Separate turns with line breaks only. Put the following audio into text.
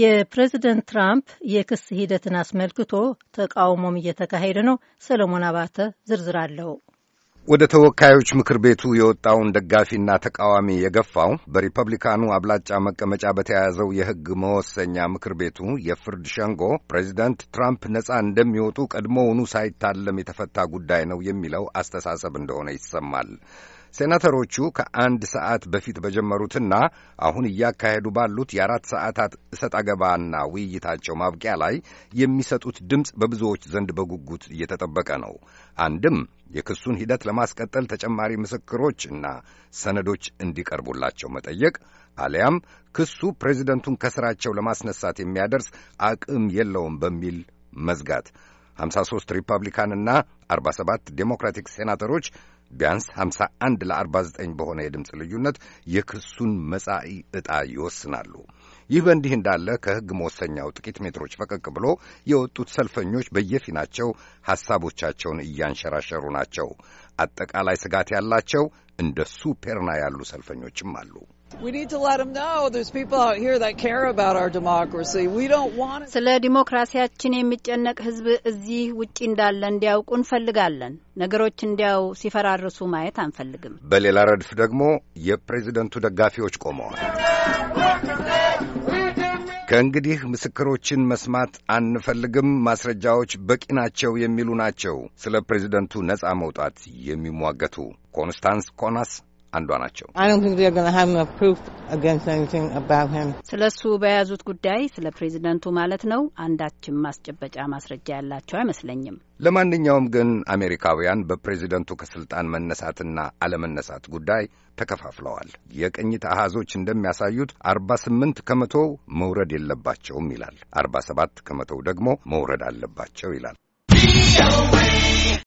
የፕሬዝደንት ትራምፕ የክስ ሂደትን አስመልክቶ ተቃውሞም እየተካሄደ ነው። ሰለሞን አባተ ዝርዝር አለው።
ወደ ተወካዮች ምክር ቤቱ የወጣውን ደጋፊና ተቃዋሚ የገፋው በሪፐብሊካኑ አብላጫ መቀመጫ በተያያዘው የሕግ መወሰኛ ምክር ቤቱ የፍርድ ሸንጎ ፕሬዚደንት ትራምፕ ነጻ እንደሚወጡ ቀድሞውኑ ሳይታለም የተፈታ ጉዳይ ነው የሚለው አስተሳሰብ እንደሆነ ይሰማል። ሴናተሮቹ ከአንድ ሰዓት በፊት በጀመሩትና አሁን እያካሄዱ ባሉት የአራት ሰዓታት እሰጥ አገባና ውይይታቸው ማብቂያ ላይ የሚሰጡት ድምፅ በብዙዎች ዘንድ በጉጉት እየተጠበቀ ነው። አንድም የክሱን ሂደት ለማስቀጠል ተጨማሪ ምስክሮች እና ሰነዶች እንዲቀርቡላቸው መጠየቅ አሊያም ክሱ ፕሬዚደንቱን ከሥራቸው ለማስነሳት የሚያደርስ አቅም የለውም በሚል መዝጋት 53 ሪፐብሊካንና 47 ዴሞክራቲክ ሴናተሮች ቢያንስ 51 ለ49 በሆነ የድምፅ ልዩነት የክሱን መጻኢ ዕጣ ይወስናሉ። ይህ በእንዲህ እንዳለ ከሕግ መወሰኛው ጥቂት ሜትሮች ፈቀቅ ብሎ የወጡት ሰልፈኞች በየፊናቸው ሐሳቦቻቸውን እያንሸራሸሩ ናቸው። አጠቃላይ ስጋት ያላቸው እንደ ሱፔርና ያሉ ሰልፈኞችም አሉ።
ስለ ዲሞክራሲያችን የሚጨነቅ ሕዝብ እዚህ ውጪ እንዳለ እንዲያውቁ እንፈልጋለን። ነገሮች እንዲያው ሲፈራ ሲጨርሱ ማየት አንፈልግም።
በሌላ ረድፍ ደግሞ የፕሬዚደንቱ ደጋፊዎች ቆመዋል። ከእንግዲህ ምስክሮችን መስማት አንፈልግም፣ ማስረጃዎች በቂ ናቸው የሚሉ ናቸው። ስለ ፕሬዚደንቱ ነፃ መውጣት የሚሟገቱ ኮንስታንስ ኮናስ አንዷ ናቸው።
ስለ እሱ በያዙት ጉዳይ ስለ ፕሬዚደንቱ ማለት ነው አንዳችም ማስጨበጫ ማስረጃ ያላቸው አይመስለኝም።
ለማንኛውም ግን አሜሪካውያን በፕሬዚደንቱ ከስልጣን መነሳትና አለመነሳት ጉዳይ ተከፋፍለዋል። የቅኝት አሃዞች እንደሚያሳዩት አርባ ስምንት ከመቶ መውረድ የለባቸውም ይላል፣ አርባ ሰባት ከመቶው ደግሞ መውረድ አለባቸው ይላል።